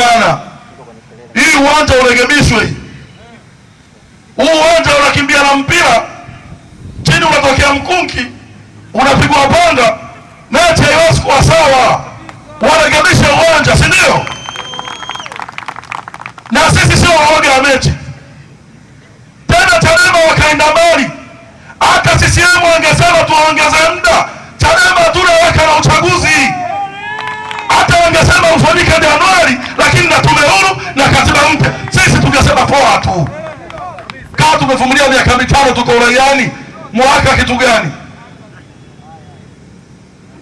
bana, hii uwanja urekebishwe. Huu uwanja unakimbia na mpira chini, unatokea mkunki, unapigwa panga, neti haiwezi kuwa sawa. Warekebishe uwanja, si ndio? Na sisi sio waoga wa mechi tena. Chadema wakaenda mbali, hata CCM wangesema tuwaongeze muda, Chadema tunaweka na uchaguzi, hata wangesema ufanyike Januari tume huru na katiba mpya. Sisi tungesema poa tu, kaa tumevumilia miaka mitano, tuko uraiani mwaka kitu gani?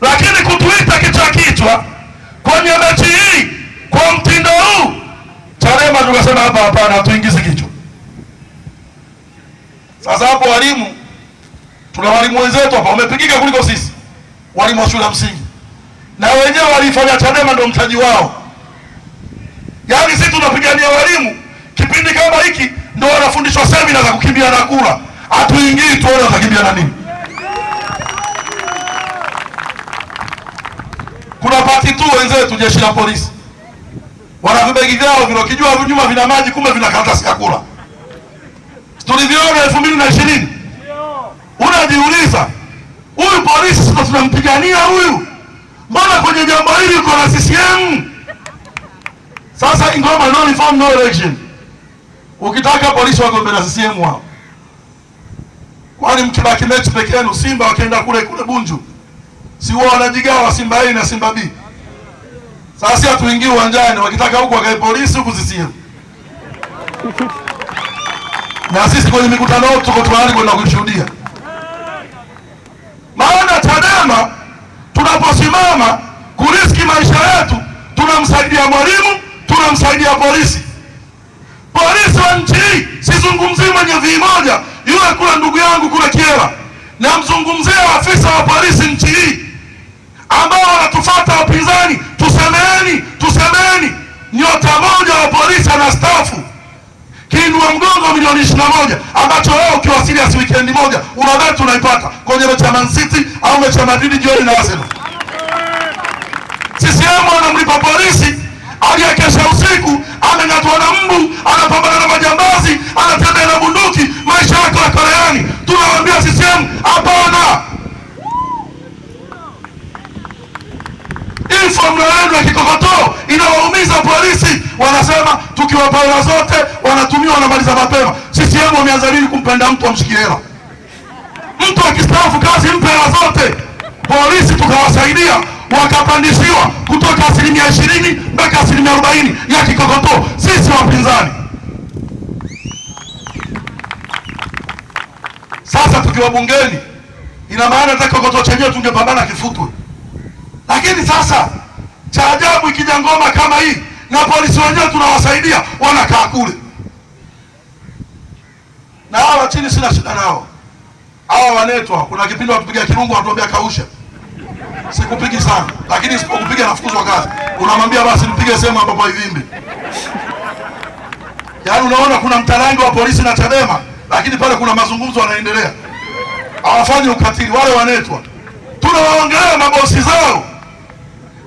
Lakini kutuita kichwa kichwa kwenye mechi hii kwa mtindo huu, Chadema tukasema hapa, hapana, hatuingizi kichwa. Sasa hapo walimu, tuna walimu wenzetu hapa wamepigika kuliko sisi, walimu wa shule msingi, na wenyewe walifanya Chadema ndo mtaji wao Yaani sisi tunapigania walimu, kipindi kama hiki ndio wanafundishwa semina za kukimbia na kula, hatuingii tuone watakimbia na nini. Kuna pati tu wenzetu jeshi la polisi wana vibegi vyao vinakijua nyuma vina maji, kumbe vina karatasi ya kula. Tulivyoona elfu mbili na ishirini unajiuliza huyu polisi tunampigania huyu, mbona kwenye jambo hili uko na CCM? Sasa ingoma no reform no election. Ukitaka polisi wagombea na CCM wao. Kwani mkibaki mechi peke yenu Simba wakienda kule kule Bunju. Si wao wanajigawa Simba A na Simba B. Sasa si atuingie uwanjani wakitaka huko wakae polisi huko CCM. Na sisi kwenye mikutano yetu tuko tayari kwenda kushuhudia. Maana Chadema tunaposimama kuriski maisha yetu tunamsaidia mwalimu tunamsaidia polisi, polisi wa nchi hii. Sizungumzii mwenye vimoja yule, kuna ndugu yangu kule Kyela, namzungumzia afisa wa polisi nchi hii ambao wanatufata wapinzani. Tusemeni, tusemeni, nyota moja wa polisi anastaafu kiinua mgongo milioni ishirini na moja ambacho leo ukiwa serious wikendi moja unadhani tunaipata kwenye mechi ya Man City au mechi ya Madrid jioni na Arsenal. CCM wanamlipa polisi aliyekesha usiku amengatwa na mbu, anapambana na majambazi, anatembea na bunduki, maisha yako ya kareani. Tunawaambia CCM hapana. ifo yenu ya kikokotoo inawaumiza polisi, wanasema tukiwapa hela zote wanatumia, wanamaliza mapema. CCM wameanza lini kumpenda mtu amshikie hela? Mtu akistaafu kazi mpe hela zote, polisi tukawasaidia wakapandishiwa kutoka asilimia ishirini mpaka asilimia arobaini ya kikokotoo. Sisi wapinzani sasa tukiwa bungeni, ina maana hata kikokotoo chenyewe tungepambana kifutwe. Lakini sasa cha ajabu, ikija ngoma kama hii na polisi wenyewe tunawasaidia, wanakaa kule na hawa chini, sina shida nao hawa wanetwa. Kuna kipindi wakupiga kirungu, watuambia kausha sikupigi sana, lakini sipokupiga nafukuzwa kazi. Unamwambia basi nipige sehemu ambapo haivimbi. Yaani unaona kuna mtarangi wa polisi na Chadema, lakini pale kuna mazungumzo yanaendelea, hawafanyi ukatili. Wale wanetwa tunawaongelea mabosi zao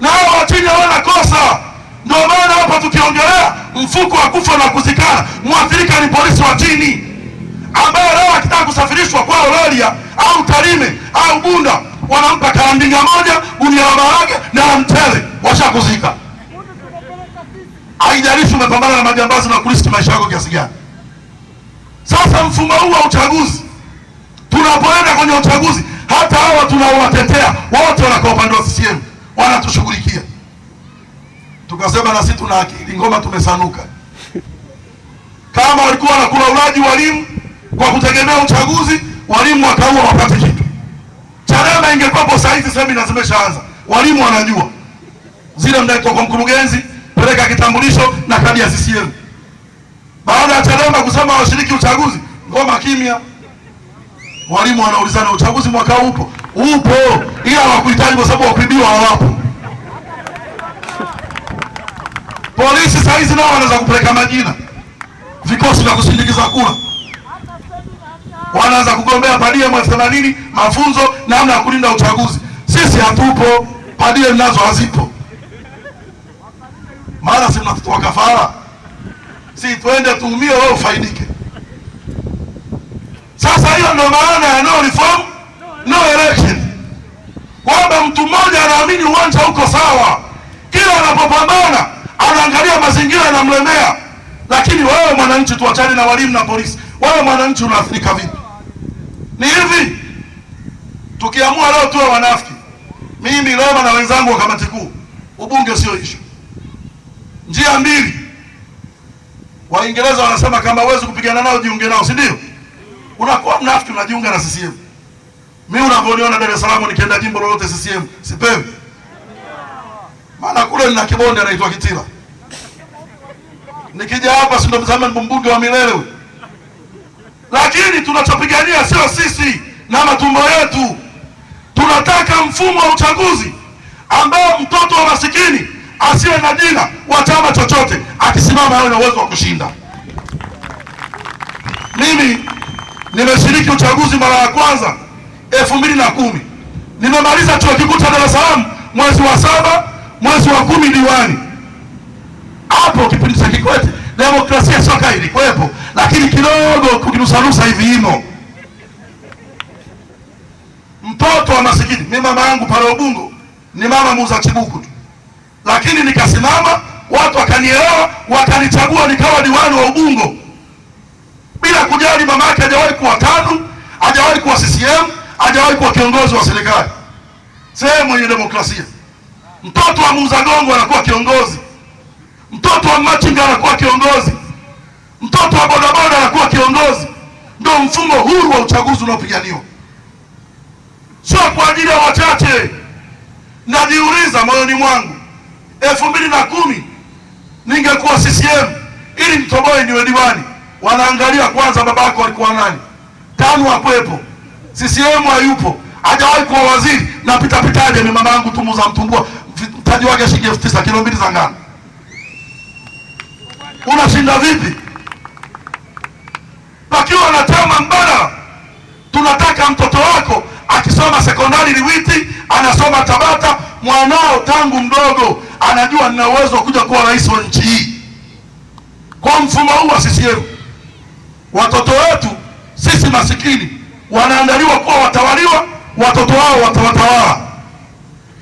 na hao wa hawana kosa. Ndio maana hapa tukiongelea mfuko wa kufa na kuzikana, mwathirika ni polisi wa chini ambaye leo akitaka kusafirishwa kwao Rorya au Tarime au Bunda wanampa karandinga moja, gunia la maharage na mtele, washakuzika. Haijalishi umepambana na majambazi na kuriski maisha yako kiasi gani. Sasa mfumo huu wa uchaguzi, tunapoenda kwenye uchaguzi, hata hawa tunaowatetea wote wanakuwa upande wa CCM, wanatushughulikia. Tukasema na sisi tuna akili ngoma, tumesanuka. Kama walikuwa wanakula ulaji walimu kwa kutegemea uchaguzi, walimu wakaua wapate Chadema ingekuwepo saa hizi semina zimeshaanza, walimu wanajua zile, mnaitoka kwa mkurugenzi, peleka kitambulisho na kadi ya CCM. Baada ya Chadema kusema washiriki uchaguzi, ngoma kimya, walimu wanaulizana uchaguzi mwaka upo upo, ila hawakuhitaji kwa sababu wakuibiwa hawapo. Polisi saa hizi nao wanaweza kupeleka majina, vikosi vya kusindikiza kura wanaanza kugombea padia elfu themanini mafunzo namna ya kulinda uchaguzi. Sisi hatupo, padia, mnazo hazipo, mara si mnatutoa kafara, si twende tuumie, wewe ufaidike. Sasa hiyo ndio maana ya no reform no election, kwamba mtu mmoja anaamini uwanja uko sawa, kila anapopambana anaangalia mazingira yanamlemea. Lakini wewe mwananchi, tuachane na walimu na polisi, wewe mwananchi unaathirika vipi? Ni hivi, tukiamua leo tuwe wanafiki, mimi Roma na wenzangu wa kamati kuu, ubunge sio ishu. Njia mbili, Waingereza wanasema kama huwezi kupigana nao jiunge nao, si ndio? Unakuwa mnafiki unajiunga na CCM. Mimi unavyoniona Dar es Salaam nikienda jimbo lolote CCM sipewi, maana kule nina kibonde anaitwa Kitila. Nikija hapa sindo ndo mzamani mbunge wa milele lakini tunachopigania sio sisi na matumbo yetu. Tunataka mfumo wa uchaguzi ambao mtoto wa masikini asiwe na jina wa chama chochote, akisimama awe na uwezo wa kushinda. Mimi nimeshiriki uchaguzi mara ya kwanza elfu mbili na kumi nimemaliza chuo kikuu cha Dar es Salaam mwezi wa saba, mwezi wa kumi diwani hapo kipindi cha Kikwete demokrasia soka ilikuwepo, lakini kidogo kukirusarusa hivi imo. Mtoto wa masikini, mi mama yangu pale Ubungo ni mama muuza chibuku tu, lakini nikasimama, watu wakanielewa, wakanichagua, nikawa diwani wa Ubungo bila kujali mama yake hajawahi kuwa TANU, hajawahi kuwa CCM, hajawahi kuwa kiongozi wa serikali. Sehemu yenye demokrasia, mtoto wa muuza gongo anakuwa kiongozi Mtoto wa machinga anakuwa kiongozi, mtoto wa bodaboda anakuwa kiongozi. Ndio mfumo huru wa uchaguzi unaopiganiwa, sio kwa ajili ya wachache. Najiuliza moyoni mwangu, elfu mbili na kumi ningekuwa CCM ili mtoboe niwe diwani, wanaangalia kwanza babako alikuwa nani? TANU hakuwepo, CCM hayupo, hajawahi kuwa waziri, napitapitaje? Ni mama yangu Tumuza Mtumbua, mtaji wake shilingi elfu tisa, kilo mbili za ngano unashinda vipi? Pakiwa na chama mbadala, tunataka mtoto wako akisoma sekondari Liwiti, anasoma Tabata, mwanao tangu mdogo anajua nina uwezo wa kuja kuwa rais wa nchi hii. Kwa mfumo huu wa CCM, watoto wetu sisi masikini wanaandaliwa kuwa watawaliwa, watoto wao watawatawala.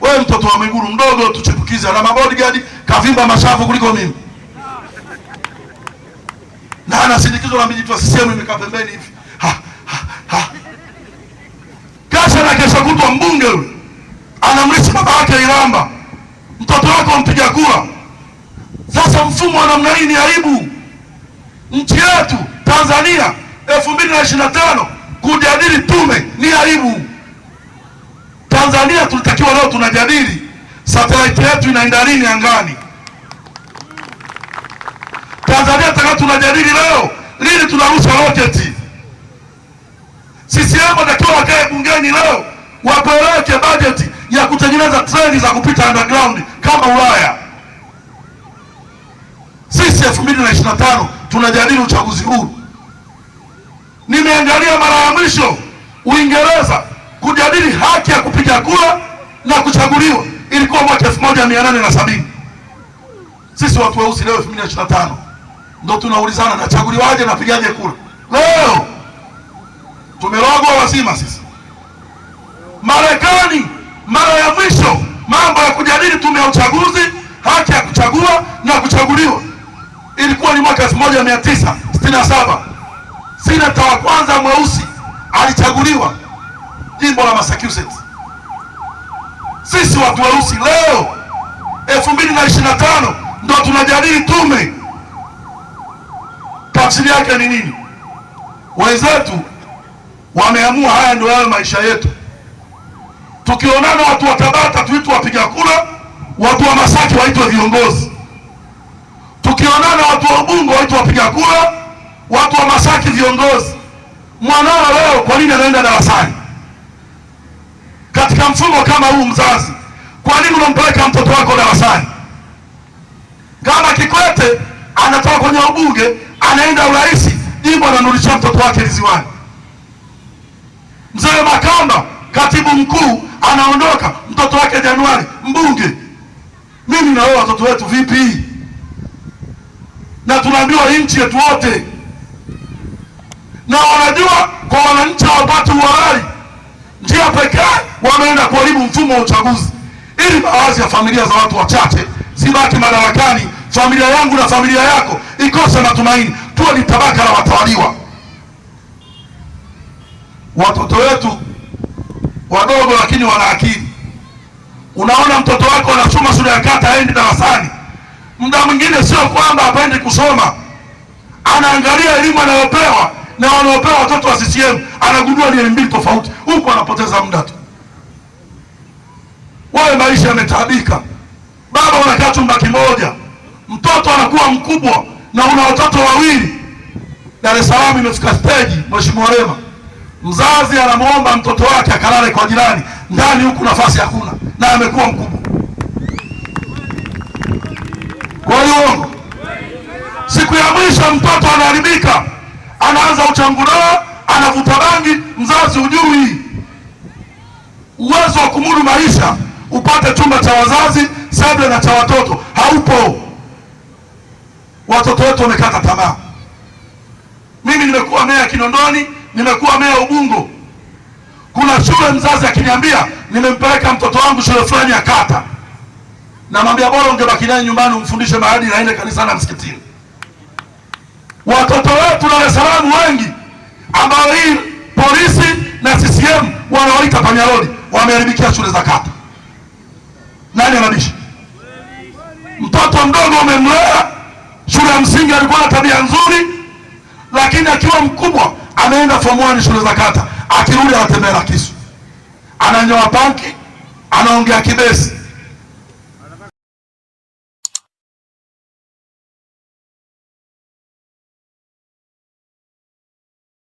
Wewe mtoto wa Mwigulu mdogo, tuchipukize na mabodyguard kavimba mashavu kuliko mimi na anasindikizwa na mijitu CCM imekaa pembeni hivi kasha na kesha kutwa, mbunge huyu anamlisha baba yake Iramba, mtoto wako mpiga kura. Sasa mfumo wa namna hii ni aibu. Nchi yetu Tanzania elfu mbili na ishirini na tano kujadili tume ni aibu. Tanzania tulitakiwa leo tunajadili satelaiti yetu inaenda lini angani Tanzania taka tunajadili leo, lini tunarusha roketi? CCM watakiwa wakae bungeni leo wapeleke bajeti ya kutengeneza treni za kupita underground kama Ulaya. Sisi elfu mbili na ishirini na tano tunajadili uchaguzi huu. Nimeangalia mara ya mwisho Uingereza kujadili haki ya kupiga kura na kuchaguliwa ilikuwa mwaka elfu moja mia nane na sabini. Sisi watu weusi leo elfu mbili na ishirini na tano ndo tunaulizana nachaguliwaje, napigaje kura? Leo tumerogwa wazima sisi. Marekani mara ya mwisho mambo ya kujadili tume ya uchaguzi, haki ya kuchagua na kuchaguliwa, ilikuwa ni mwaka elfu moja mia tisa sitini na saba. Senata wa kwanza mweusi alichaguliwa jimbo la Massachusetts. Sisi watu weusi leo elfu mbili na ishirini na tano ndo tunajadili tume Tafsiri yake ni nini? Wenzetu wameamua haya ndio yawe maisha yetu. Tukionana watu wa Tabata tuitwe wapiga kura, watu wa Masaki waitwe viongozi. Tukionana watu wa Ubungo waitwe wapiga kura, watu wa Masaki viongozi. Mwanao leo kwa nini anaenda darasani? Katika mfumo kama huu, mzazi, kwa nini unampeleka mtoto wako darasani? Kama Kikwete anatoka kwenye ubunge anaenda urais jimbo ananulisha mtoto wake ziwani. Mzee Makamba katibu mkuu anaondoka, mtoto wake Januari mbunge. Mimi naoa watoto wetu vipi? Na tunaambiwa nchi yetu wote, na wanajua kwa wananchi hawapati uhalali. Njia pekee wameenda kuharibu mfumo wa uchaguzi ili baadhi ya familia za watu wachache zibaki madarakani familia yangu na familia yako ikose matumaini. Tuwe ni tabaka la watawaliwa. Watoto wetu wadogo, lakini wana akili. Unaona mtoto wako anasoma shule ya kata, aendi darasani, muda mwingine sio kwamba hapendi kusoma, anaangalia elimu anayopewa na wanaopewa watoto wa CCM, anagundua ni elimu mbili tofauti, huku anapoteza muda tu. Wewe maisha yametaabika, baba unakaa chumba kimoja mtoto anakuwa mkubwa na una watoto wawili. Dar es Salaam imefika steji, Mheshimiwa Lema, mzazi anamwomba mtoto wake akalale kwa jirani, ndani huku nafasi hakuna, na amekuwa mkubwa. Kwa hiyo siku ya mwisho mtoto anaharibika, anaanza uchangudoa, anavuta bangi, mzazi ujui uwezo wa kumudu maisha, upate chumba cha wazazi sebule na cha watoto haupo watoto wetu wamekata tamaa. Mimi nimekuwa meya Kinondoni, nimekuwa meya Ubungo. Kuna shule mzazi akiniambia nimempeleka mtoto wangu shule fulani ya kata, namwambia bora ungebaki naye nyumbani umfundishe maadili aende kanisa na msikitini. Watoto wetu Dar es Salaam wengi ambao hii polisi na CCM wanawaita panyarodi wameharibikia shule za kata. Nani anabishi? Mtoto mdogo umemlea shule ya msingi alikuwa na tabia nzuri, lakini akiwa mkubwa ameenda form one shule za kata, akirudi anatembea na kisu, ananyoa panki, anaongea kibesi